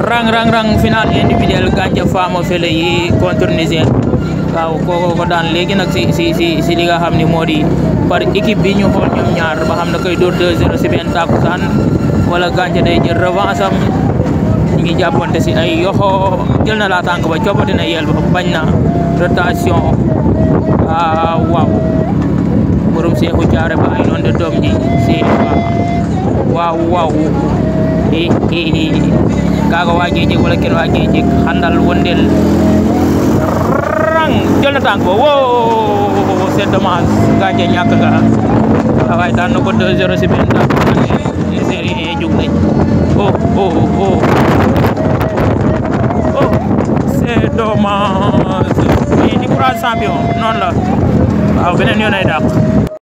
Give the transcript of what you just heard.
rang rang rang final individuel Gandia Fama fële yi contre Niger ko daan léegi nag si si si si li nga xam ne moo di par équipe bi ñu xool ñoom ñaar ba xam na koy dóor 2-0 wala Gandia day jël revanche am ñu ngi jàppante si ay yoxo jël na laa tànk ba coppati na yel ba bañ na rotation ah waaw borom Kaaga waagee jeg wala ken waagee jeg xandal wondel rang jël na ba woo c'est dommage gaañe ñàkk nga ah, waaye daan na ko 2-0 si ne série e nañ oh oh oh oh c'est dommage mais di courage champion la waaw beneen yoon ay dàq